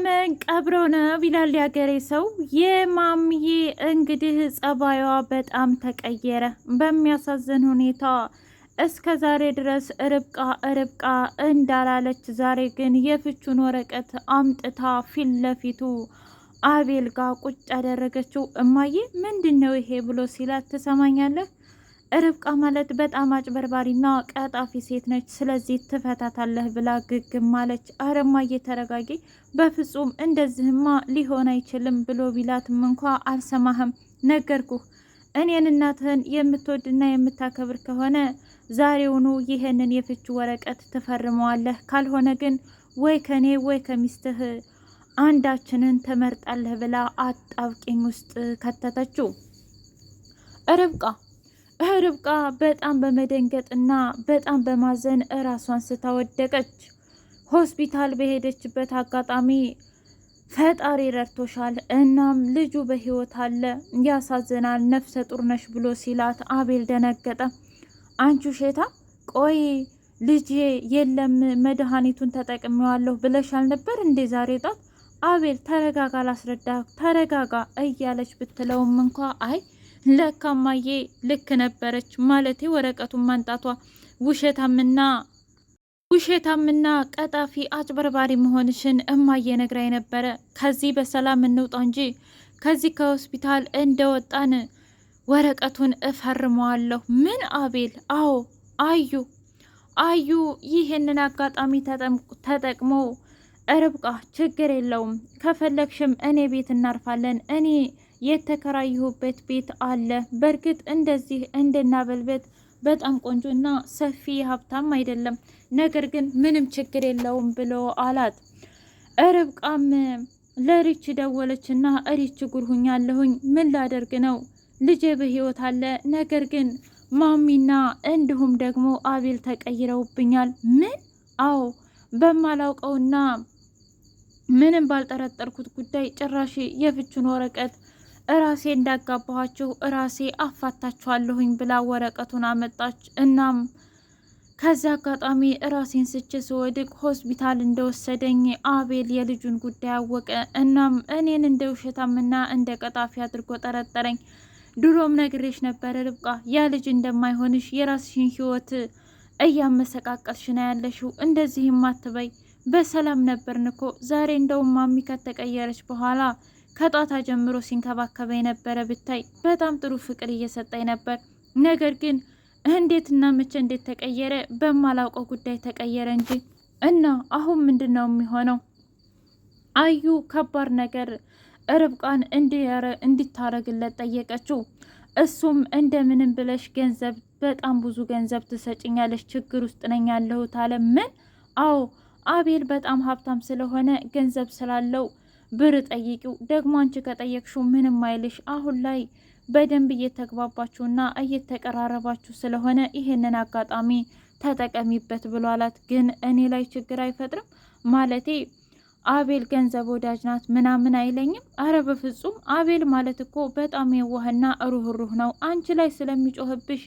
ሰላምን ቀብሮ ነው ይላል ያገሬ ሰው። የማምዬ እንግዲህ ጸባዩዋ በጣም ተቀየረ በሚያሳዝን ሁኔታ። እስከ ዛሬ ድረስ ርብቃ ርብቃ እንዳላለች ዛሬ ግን የፍቹን ወረቀት አምጥታ ፊት ለፊቱ አቤል ጋር ቁጭ ያደረገችው። እማዬ ምንድን ነው ይሄ ብሎ ሲላት ትሰማኛለህ ርብቃ ማለት በጣም አጭበርባሪና ቀጣፊ ሴት ነች። ስለዚህ ትፈታታለህ ብላ ግግም አለች። አረማ እየተረጋጊ በፍጹም እንደዚህማ ሊሆን አይችልም ብሎ ቢላትም እንኳ አልሰማህም፣ ነገርኩህ። እኔን እናትህን የምትወድና የምታከብር ከሆነ ዛሬውኑ ይህንን የፍች ወረቀት ትፈርመዋለህ። ካልሆነ ግን ወይ ከኔ ወይ ከሚስትህ አንዳችንን ትመርጣለህ ብላ አጣብቂኝ ውስጥ ከተተችው ርብቃ ርብቃ በጣም በመደንገጥ እና በጣም በማዘን እራሷን ስታወደቀች ሆስፒታል በሄደችበት አጋጣሚ ፈጣሪ ረድቶሻል፣ እናም ልጁ በህይወት አለ፣ ያሳዝናል፣ ነፍሰ ጡር ነሽ ብሎ ሲላት አቤል ደነገጠ። አንቺ ሼታ፣ ቆይ ልጄ የለም መድኃኒቱን ተጠቅሜዋለሁ ብለሽ አልነበር እንዴ ዛሬ ጧት? አቤል ተረጋጋ፣ ላስረዳ፣ ተረጋጋ እያለች ብትለውም እንኳ አይ ለካማዬ ልክ ነበረች ማለቴ ወረቀቱን ማንጣቷ ውሸታምና ውሸታምና ቀጣፊ አጭበርባሪ መሆንሽን እማዬ ነግራኝ ነበረ። ከዚህ በሰላም እንውጣ እንጂ ከዚህ ከሆስፒታል እንደወጣን ወረቀቱን እፈርመዋለሁ። ምን አቤል? አዎ አዩ አዩ ይህንን አጋጣሚ ተጠቅሞ ርብቃ ችግር የለውም ከፈለግሽም እኔ ቤት እናርፋለን እኔ የተከራየሁበት ቤት አለ። በእርግጥ እንደዚህ እንደናበልበት በጣም ቆንጆ እና ሰፊ ሀብታም አይደለም፣ ነገር ግን ምንም ችግር የለውም ብሎ አላት። ርብቃም ለሪች ደወለች እሪች ሪች ጉርሁኛለሁኝ ምን ላደርግ ነው? ልጄ በህይወት አለ፣ ነገር ግን ማሚና እንዲሁም ደግሞ አቤል ተቀይረውብኛል። ምን? አዎ በማላውቀውና ምንም ባልጠረጠርኩት ጉዳይ ጭራሽ የፍቹን ወረቀት እራሴ እንዳጋባኋችሁ እራሴ አፋታችኋለሁኝ ብላ ወረቀቱን አመጣች። እናም ከዚያ አጋጣሚ እራሴን ስቼ ስወድቅ ሆስፒታል እንደወሰደኝ አቤል የልጁን ጉዳይ አወቀ። እናም እኔን እንደ ውሸታምና እንደ ቀጣፊ አድርጎ ጠረጠረኝ። ድሮም ነግሬሽ ነበረ ርብቃ፣ ያ ልጅ እንደማይሆንሽ የራስሽን ህይወት እያመሰቃቀልሽ ነው ያለሽው። እንደዚህም አትበይ፣ በሰላም ነበርን እኮ። ዛሬ እንደውም ማሚ ከተቀየረች በኋላ ከጧታ ጀምሮ ሲንከባከበ የነበረ ብታይ በጣም ጥሩ ፍቅር እየሰጠኝ ነበር። ነገር ግን እንዴትና መቼ እንዴት ተቀየረ በማላውቀው ጉዳይ ተቀየረ እንጂ እና አሁን ምንድን ነው የሚሆነው? አዩ ከባድ ነገር ርብቃን እንድታረግለት ጠየቀችው። እሱም እንደምንም ብለሽ ገንዘብ በጣም ብዙ ገንዘብ ትሰጭኛለሽ፣ ችግር ውስጥ ነኝ ያለሁት አለ። ምን? አዎ አቤል በጣም ሀብታም ስለሆነ ገንዘብ ስላለው ብር ጠይቂው። ደግሞ አንቺ ከጠየቅሽው ምንም አይልሽ። አሁን ላይ በደንብ እየተግባባችሁና እየተቀራረባችሁ ስለሆነ ይህንን አጋጣሚ ተጠቀሚበት ብሎ አላት። ግን እኔ ላይ ችግር አይፈጥርም ማለቴ አቤል ገንዘብ ወዳጅ ናት ምናምን አይለኝም። አረ በፍጹም አቤል ማለት እኮ በጣም የዋህና ሩህሩህ ነው። አንቺ ላይ ስለሚጮህብሽ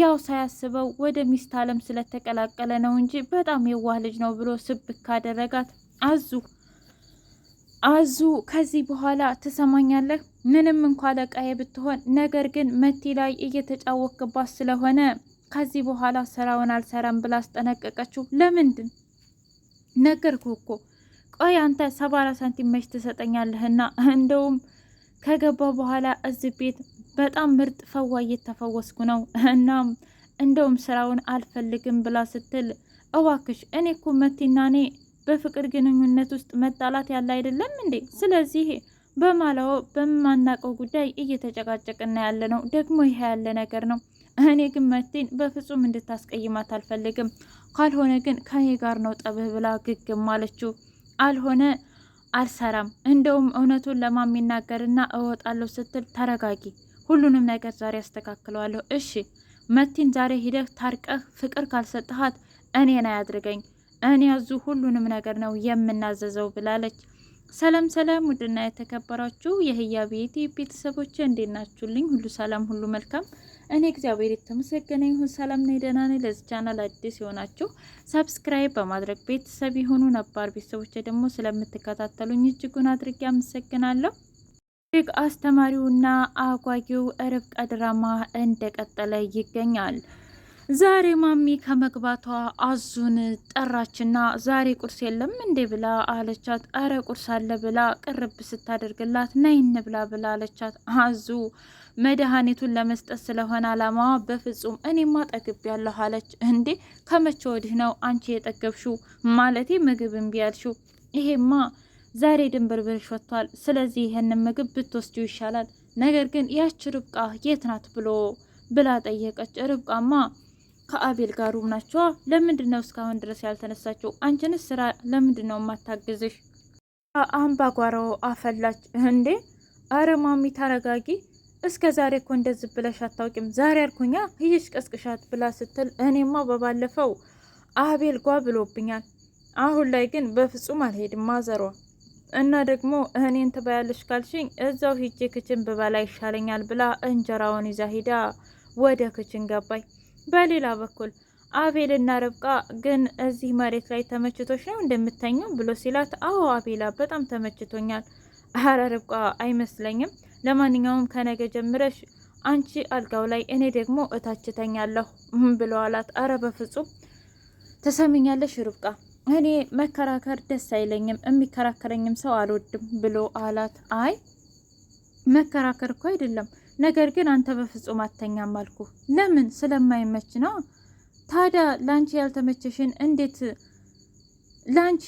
ያው ሳያስበው ወደ ሚስት አለም ስለተቀላቀለ ነው እንጂ በጣም የዋህ ልጅ ነው ብሎ ስብክ ካደረጋት አዙ አዙ ከዚህ በኋላ ትሰማኛለህ፣ ምንም እንኳ ለቃዬ ብትሆን፣ ነገር ግን መቲ ላይ እየተጫወክባት ስለሆነ ከዚህ በኋላ ስራውን አልሰራም ብላ አስጠነቀቀችው። ለምንድን ነገርኩ እኮ ቆይ አንተ ሰባራ ሳንቲም መች ትሰጠኛለህና እንደውም ከገባ በኋላ እዚህ ቤት በጣም ምርጥ ፈዋ እየተፈወስኩ ነው። እናም እንደውም ስራውን አልፈልግም ብላ ስትል እባክሽ እኔ እኮ መቲና እኔ በፍቅር ግንኙነት ውስጥ መጣላት ያለ አይደለም እንዴ? ስለዚህ በማላው በማናቀው ጉዳይ እየተጨቃጨቅና ያለ ነው። ደግሞ ይሄ ያለ ነገር ነው። እኔ ግን መቴን በፍጹም እንድታስቀይማት አልፈልግም። ካልሆነ ግን ከኔ ጋር ነው ጠብህ ብላ ግግም አለችው። አልሆነ አልሰራም። እንደውም እውነቱን ይናገርና እወጣለሁ ስትል ተረጋጊ፣ ሁሉንም ነገር ዛሬ አስተካክለዋለሁ። እሺ መቲን ዛሬ ሂደህ ታርቀህ ፍቅር ካልሰጠሃት እኔን አያድርገኝ እኔ ያዙ ሁሉንም ነገር ነው የምናዘዘው ብላለች። ሰላም ሰላም፣ ውድና የተከበራችሁ የህያ ቤቴ ቤተሰቦች እንዴት ናችሁልኝ? ሁሉ ሰላም፣ ሁሉ መልካም። እኔ እግዚአብሔር የተመሰገነ ይሁን ሰላም ነኝ፣ ደህና ነኝ። ለዚህ ቻናል አዲስ የሆናችሁ ሰብስክራይብ በማድረግ ቤተሰብ የሆኑ ነባር ቤተሰቦች ደግሞ ስለምትከታተሉኝ እጅጉን አድርጌ አመሰግናለሁ። እጅግ አስተማሪውና አጓጊው ርብቃ ድራማ እንደቀጠለ ይገኛል። ዛሬ ማሚ ከመግባቷ አዙን ጠራችና ዛሬ ቁርስ የለም እንዴ ብላ አለቻት። አረ ቁርስ አለ ብላ ቅርብ ስታደርግላት ነይ እንብላ ብላ አለቻት። አዙ መድኃኒቱን ለመስጠት ስለሆነ አላማዋ በፍጹም እኔማ ያለሁ አለች። እንዴ ከመቼ ወዲህ ነው አንቺ የጠገብሽው? ማለቴ ምግብ እምቢ ያልሽው? ይሄማ ዛሬ ድንብርብርሽ ወጥቷል። ስለዚህ ይህንን ምግብ ብትወስጂው ይሻላል። ነገር ግን ያች ርብቃ የት ናት ብሎ ብላ ጠየቀች። ርብቃማ ከአቤል ጋሩም ናቸዋ። ለምንድን ነው እስካሁን ድረስ ያልተነሳችው? አንቺንስ ስራ ለምንድን ነው የማታግዝሽ? አምባጓሮ አፈላች። እንዴ አረ ማሚ ተረጋጊ። እስከ ዛሬ እኮ እንደዚህ ብለሽ አታውቂም። ዛሬ አልኩኛ ይህሽ ቀስቅሻት ብላ ስትል እኔማ በባለፈው አቤል ጓ ብሎብኛል። አሁን ላይ ግን በፍጹም አልሄድም ማዘሯ እና ደግሞ እኔን ትበያለሽ ካልሽኝ እዛው ሂጄ ክችን ብበላ ይሻለኛል ብላ እንጀራውን ይዛ ሂዳ ወደ ክችን ገባኝ። በሌላ በኩል አቤልና ርብቃ ግን እዚህ መሬት ላይ ተመችቶች ነው እንደምተኙ ብሎ ሲላት፣ አዎ አቤላ በጣም ተመችቶኛል። አረ ርብቃ አይመስለኝም። ለማንኛውም ከነገ ጀምረሽ አንቺ አልጋው ላይ እኔ ደግሞ እታች ተኛለሁ ብሎ አላት። አረ በፍጹም ትሰምኛለሽ ርብቃ፣ እኔ መከራከር ደስ አይለኝም፣ የሚከራከረኝም ሰው አልወድም ብሎ አላት። አይ መከራከር እኮ አይደለም ነገር ግን አንተ በፍጹም አተኛም አልኩ። ለምን? ስለማይመች ነው። ታዲያ ላንቺ ያልተመቸሽን እንዴት ላንቺ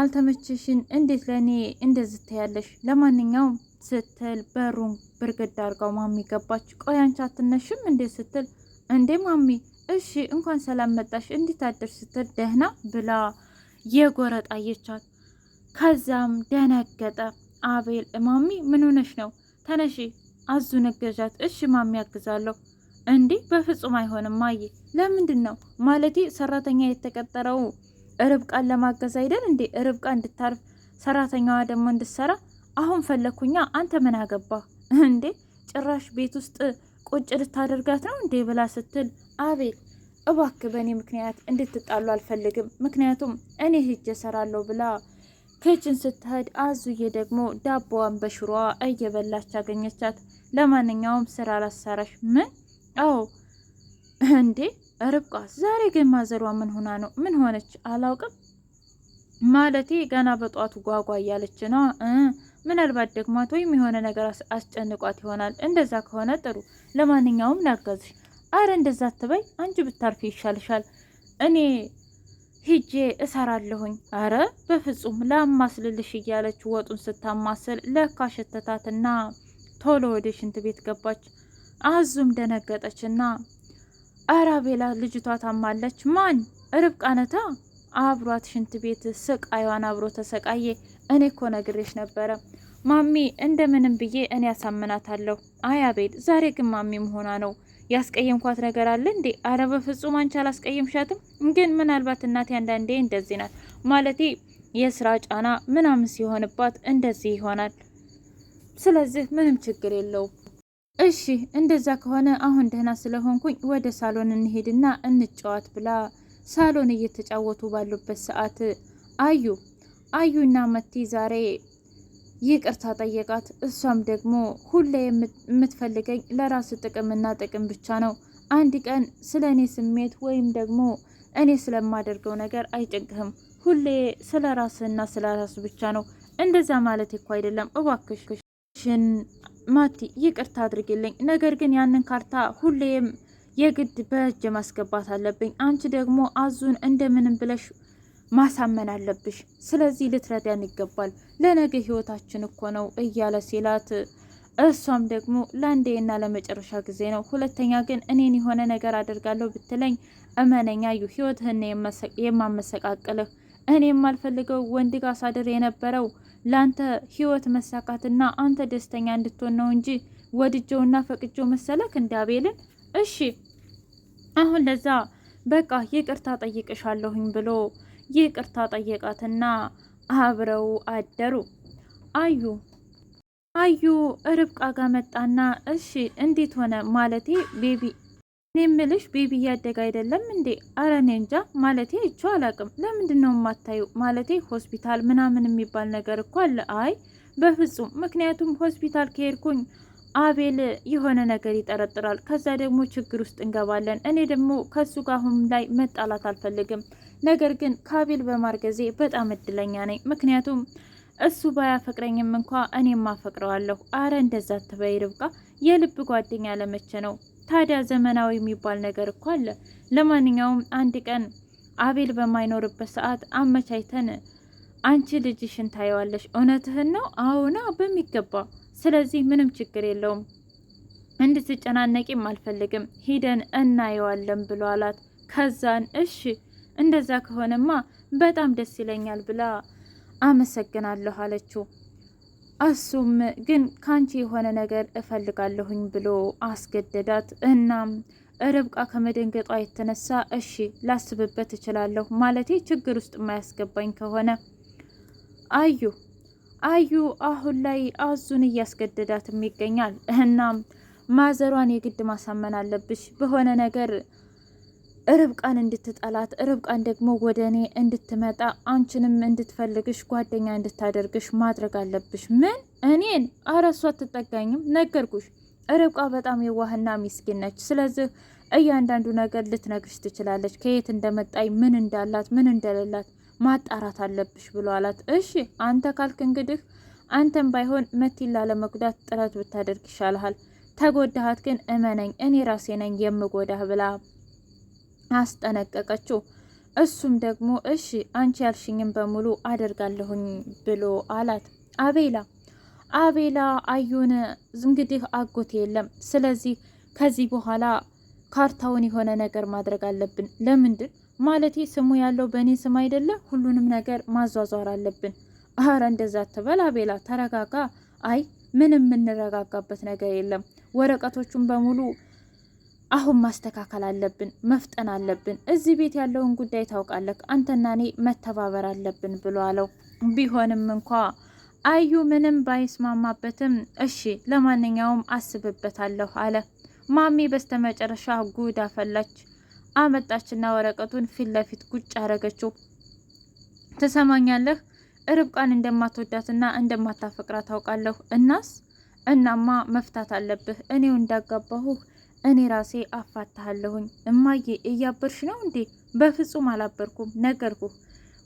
አልተመቸሽን እንዴት ለእኔ እንደዚህ ትያለሽ? ለማንኛውም ስትል በሩን ብርግድ አርጋው ማሚ ገባች። ቆይ አንቺ አትነሽም ስትል እንዴ ማሚ እሺ እንኳን ሰላም መጣሽ አድር ስትል ደህና ብላ የጎረጥ አየቻት። ከዛም ደነገጠ። አቤል ማሚ ምን ሆነሽ ነው? ተነሺ አዙ ነገጃት እሺ ማሚ ያግዛለሁ። እንዴ በፍጹም አይሆንም ማዬ። ለምንድን ነው ማለቴ? ሰራተኛ የተቀጠረው ርብቃን ለማገዝ አይደል እንዴ? ርብቃ እንድታርፍ ሰራተኛዋ ደግሞ እንድትሰራ። አሁን ፈለኩኛ። አንተ ምን አገባህ እንዴ? ጭራሽ ቤት ውስጥ ቁጭ ልታደርጋት ነው እንዴ? ብላ ስትል አቤል እባክ በእኔ ምክንያት እንድትጣሉ አልፈልግም። ምክንያቱም እኔ ሂጅ እሰራለሁ ብላ ከችን ስትሄድ አዙዬ ደግሞ ዳቦዋን በሽሮዋ እየበላች አገኘቻት። ለማንኛውም ስራ አላሰራሽ? ምን? አዎ። እንዴ ርብቃ፣ ዛሬ ግን ማዘሯ ምን ሆና ነው? ምን ሆነች? አላውቅም ማለቴ ገና በጧቱ ጓጓ እያለች ነው። ምናልባት ደግማት ወይም የሆነ ነገር አስጨንቋት ይሆናል። እንደዛ ከሆነ ጥሩ። ለማንኛውም ላገዝሽ። አረ እንደዛ ትበይ፣ አንቺ ብታርፊ ይሻልሻል። እኔ ሂጄ እሰራለሁኝ። አረ በፍጹም ላማስልልሽ እያለች ወጡን ስታማስል ለካ ሸተታትና ቶሎ ወደ ሽንት ቤት ገባች። አዙም ደነገጠችና አረ ቤላ ልጅቷ ታማለች። ማን ርብቃ ነታ አብሯት ሽንት ቤት ስቃይዋን አብሮ ተሰቃየ። እኔ እኮ ነግሬሽ ነበረ ማሚ፣ እንደምንም ብዬ እኔ ያሳምናታለሁ። አይ አቤል፣ ዛሬ ግን ማሚ መሆኗ ነው። ያስቀየምኳት ነገር አለ እንዴ? አረ በፍጹም አንቺ አላስቀየምሻትም። ግን ምናልባት እናቴ አንዳንዴ እንደዚህ ናት። ማለቴ የስራ ጫና ምናምን ሲሆንባት እንደዚህ ይሆናል ስለዚህ ምንም ችግር የለውም። እሺ እንደዛ ከሆነ አሁን ደህና ስለሆንኩኝ ወደ ሳሎን እንሄድና እንጫወት ብላ ሳሎን እየተጫወቱ ባሉበት ሰዓት አዩ አዩና መቲ ዛሬ ይቅርታ ጠየቃት። እሷም ደግሞ ሁሌ የምትፈልገኝ ለራስ ጥቅምና ጥቅም ብቻ ነው። አንድ ቀን ስለ እኔ ስሜት ወይም ደግሞ እኔ ስለማደርገው ነገር አይጨንቅህም። ሁሌ ስለ ራስህና ስለ ራስ ብቻ ነው። እንደዛ ማለት እኮ አይደለም እባክሽ ሽን ማቲ ይቅርታ አድርግልኝ፣ ነገር ግን ያንን ካርታ ሁሌም የግድ በእጅ ማስገባት አለብኝ። አንቺ ደግሞ አዙን እንደምንም ብለሽ ማሳመን አለብሽ። ስለዚህ ልትረዳን ይገባል፣ ለነገ ህይወታችን እኮ ነው እያለ ሲላት፣ እሷም ደግሞ ለአንዴና ለመጨረሻ ጊዜ ነው፣ ሁለተኛ ግን እኔን የሆነ ነገር አድርጋለሁ ብትለኝ እመነኛ ዩ ህይወትህን የማመሰቃቅልህ እኔ የማልፈልገው ወንድ ጋር ሳድር የነበረው ላንተ ህይወት መሳካትና አንተ ደስተኛ እንድትሆን ነው እንጂ ወድጀውና ፈቅጀው መሰለክ እንደ አቤልን። እሺ አሁን ለዛ በቃ ይቅርታ ጠይቅሻለሁኝ ብሎ ይቅርታ ጠየቃትና አብረው አደሩ። አዩ አዩ ርብቃ ጋር መጣና እሺ እንዴት ሆነ ማለቴ ቤቢ እኔ ቤቢ እያደገ አይደለም እንዴ? አረ እኔ እንጃ ማለቴ ይቸው አላቅም። ለምንድን ነው የማታዩ? ማለቴ ሆስፒታል ምናምን የሚባል ነገር እኮ አለ። አይ በፍጹም ምክንያቱም ሆስፒታል ከሄድኩኝ አቤል የሆነ ነገር ይጠረጥራል። ከዛ ደግሞ ችግር ውስጥ እንገባለን። እኔ ደግሞ ከሱ ጋር አሁን ላይ መጣላት አልፈልግም። ነገር ግን ከአቤል በማርገዜ በጣም እድለኛ ነኝ። ምክንያቱም እሱ ባያፈቅረኝም እንኳ እኔም አፈቅረዋለሁ። አረ እንደዛ አትበይ ርብቃ። የልብ ጓደኛ ለመቼ ነው ታዲያ ዘመናዊ የሚባል ነገር እኮ አለ። ለማንኛውም አንድ ቀን አቤል በማይኖርበት ሰዓት አመቻችተን አንቺ ልጅሽን ታየዋለሽ። እውነትህን ነው? አዎና፣ በሚገባ ስለዚህ ምንም ችግር የለውም እንድትጨናነቂም አልፈልግም፣ ሂደን እናየዋለን ብሎ አላት። ከዛን እሺ እንደዛ ከሆነማ በጣም ደስ ይለኛል ብላ አመሰግናለሁ አለችው። እሱም ግን ካንቺ የሆነ ነገር እፈልጋለሁኝ ብሎ አስገደዳት። እናም ርብቃ ከመደንገጧ የተነሳ እሺ ላስብበት እችላለሁ፣ ማለቴ ችግር ውስጥ የማያስገባኝ ከሆነ አዩ አዩ አሁን ላይ አዙን እያስገደዳትም ይገኛል። እናም ማዘሯን የግድ ማሳመን አለብሽ በሆነ ነገር ርብቃን እንድትጠላት ርብቃን ደግሞ ወደ እኔ እንድትመጣ አንቺንም እንድትፈልግሽ ጓደኛ እንድታደርግሽ ማድረግ አለብሽ። ምን እኔን? ኧረ እሷ አትጠጋኝም። ነገርኩሽ፣ ርብቃ በጣም የዋህና ሚስኪን ነች። ስለዚህ እያንዳንዱ ነገር ልትነግርሽ ትችላለች። ከየት እንደመጣይ ምን እንዳላት፣ ምን እንደሌላት ማጣራት አለብሽ ብሎ አላት። እሺ አንተ ካልክ እንግዲህ አንተም ባይሆን መቲላ ለመጉዳት ጥረት ብታደርግ ይሻልሃል። ተጎዳሃት ግን እመነኝ፣ እኔ ራሴ ነኝ የምጎዳህ ብላ አስጠነቀቀችው። እሱም ደግሞ እሺ አንቺ ያልሽኝም በሙሉ አደርጋለሁኝ ብሎ አላት። አቤላ አቤላ አዩን እንግዲህ አጎት የለም፣ ስለዚህ ከዚህ በኋላ ካርታውን የሆነ ነገር ማድረግ አለብን። ለምንድን ማለቴ ስሙ ያለው በእኔ ስም አይደለ? ሁሉንም ነገር ማዟዟር አለብን። አረ እንደዛ ትበል አቤላ፣ ተረጋጋ። አይ ምንም የምንረጋጋበት ነገር የለም። ወረቀቶቹን በሙሉ አሁን ማስተካከል አለብን፣ መፍጠን አለብን። እዚህ ቤት ያለውን ጉዳይ ታውቃለህ፣ አንተና እኔ መተባበር አለብን ብሎ አለው። ቢሆንም እንኳ አዩ ምንም ባይስማማበትም እሺ ለማንኛውም አስብበታለሁ አለ። ማሚ በስተመጨረሻ ጉድ አፈላች። አመጣችና ወረቀቱን ፊት ለፊት ጉጭ አረገችው። ትሰማኛለህ ርብቃን እንደማትወዳትና እንደማታፈቅራ ታውቃለሁ። እናስ እናማ መፍታት አለብህ እኔው እንዳጋባሁህ እኔ ራሴ አፋታሃለሁኝ። እማዬ እያበርሽ ነው እንዴ? በፍጹም አላበርኩም፣ ነገርኩ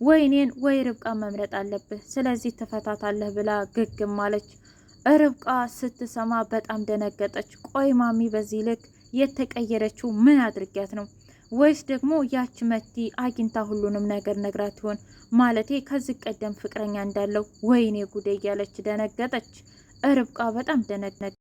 ወይ እኔን ወይ ርብቃ መምረጥ አለብህ፣ ስለዚህ ትፈታታለህ ብላ ግግም አለች። ርብቃ ስትሰማ በጣም ደነገጠች። ቆይ ማሚ በዚህ ልክ የተቀየረችው ምን አድርጊያት ነው? ወይስ ደግሞ ያች መቲ አግኝታ ሁሉንም ነገር ነግራት ይሆን? ማለቴ ከዚህ ቀደም ፍቅረኛ እንዳለው ወይኔ ጉዴ እያለች ደነገጠች። ርብቃ በጣም ደነገጠች።